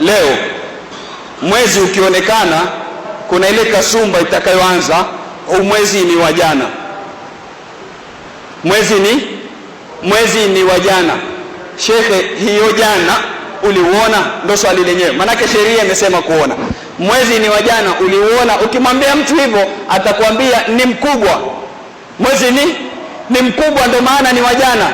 leo mwezi ukionekana, kuna ile kasumba itakayoanza, au mwezi ni wa jana, mwezi ni mwezi ni wa jana. Shekhe, hiyo jana uliuona? Ndo swali lenyewe, maanake sheria imesema kuona. Mwezi ni wa jana, uliuona? Ukimwambia mtu hivyo atakwambia ni mkubwa. Mwezi ni ni mkubwa, ndo maana ni wa jana.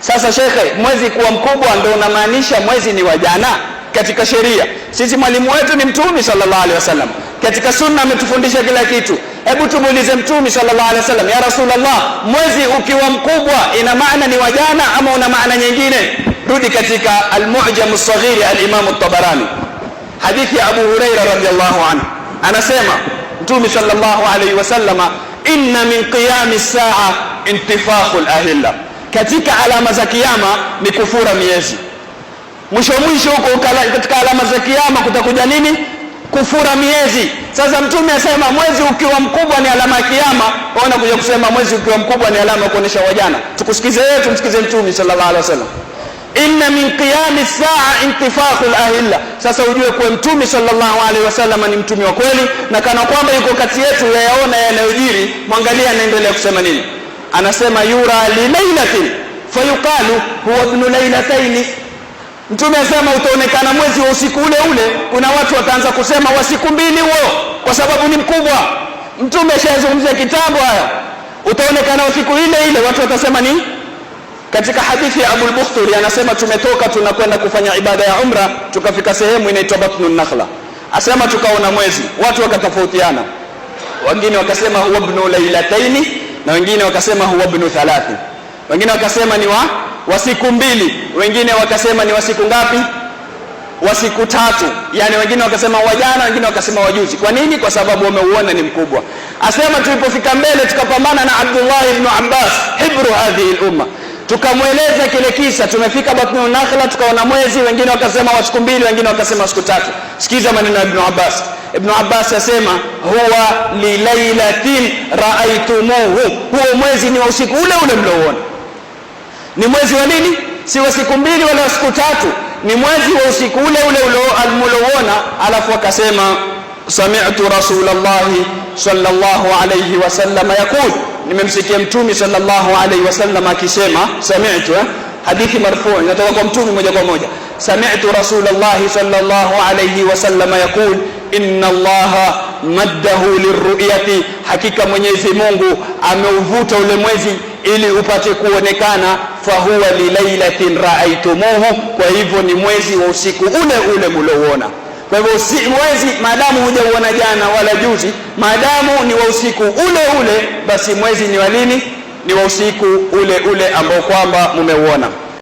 Sasa shekhe, mwezi kuwa mkubwa ndo unamaanisha mwezi ni wa jana? katika sheria. Sisi mwalimu wetu ni Mtume sallallahu alaihi wasallam, katika sunna ametufundisha kila kitu. Hebu tumuulize Mtume sallallahu alaihi wasallam, ya Rasulullah, mwezi ukiwa mkubwa ina maana ni wajana ama una maana nyingine? Rudi katika Almu'jam As-Saghir al-Imam At-Tabarani, hadithi ya Abu Huraira radhiyallahu anhu, anasema Mtume sallallahu alaihi wasallama, inna min as saa al ahilla, katika alama za kiyama ni kufura miezi Mwisho mwisho huko katika alama za kiyama kutakuja nini? Kufura miezi. Sasa Mtume asema mwezi ukiwa mkubwa ni alama ya kiyama, waona kuja kusema mwezi ukiwa mkubwa ni alama ya kuonesha wajana. Tukusikize yeye tumsikize Mtume sallallahu alaihi wasallam, inna min qiyami saa intifaqu lahilla. Sasa ujue kuwa Mtume sallallahu alaihi wasallam ni mtume wa kweli, na kana kwamba yuko kati yetu, yayaona yanayojiri. Mwangalia anaendelea kusema nini, anasema yura li laylatin fayuqalu huwa ibn lailataini Mtume asema utaonekana mwezi wa usiku ule ule, kuna watu wataanza kusema wa siku mbili huo, kwa sababu ni mkubwa. Mtume ashazungumzia kitabu haya, utaonekana wa siku ile ile, watu watasema ni katika hadithi ya al Bukhturi anasema tumetoka tunakwenda kufanya ibada ya umra, tukafika sehemu inaitwa Batnun Nakhla, asema tukaona mwezi, watu wakatofautiana, wengine wakasema huwa ibn lailataini, na wengine wakasema huwa ibn thalathi, wengine wakasema ni wa wa siku mbili, wengine wakasema ni wa siku ngapi? Wa siku tatu. Yani wengine wakasema wajana, wengine wakasema wajuzi. Kwa nini? Kwa sababu wameuona ni mkubwa. Asema tulipofika mbele tukapambana na Abdullah ibn Abbas, hibru hadhihi al-umma, tukamweleza kile kisa. Tumefika Batnu Nakhla tukaona mwezi, wengine wakasema wa siku mbili, wengine wakasema siku tatu. Sikiza maneno ya Ibn Abbas. Ibn Abbas asema huwa lilailatin raaitumuhu, huo mwezi ni wa usiku ule ule mliouona ni mwezi wa nini? Si wa siku mbili wala siku tatu, ni mwezi wa usiku ule ule mlowona. Alafu akasema sami'tu rasulullah sallallahu alayhi wasallam yakul nimemsikia mtumi sallallahu alayhi wasallam akisema. Sami'tu eh? hadithi marfu' inatoka kwa mtumi moja kwa moja. Sami'tu rasulullah sallallahu alayhi wasallam yakul inna allaha maddahu lirru'yati, hakika Mwenyezi Mungu ameuvuta ule mwezi ili upate kuonekana, fahuwa lilailatin raaitumuhu, kwa hivyo ni mwezi wa usiku ule ule mlioona. Kwa hivyo si mwezi maadamu hujauona jana wala juzi, maadamu ni wa usiku ule ule, basi mwezi ni wa nini? Ni wa usiku ule ule ambao kwamba mmeuona.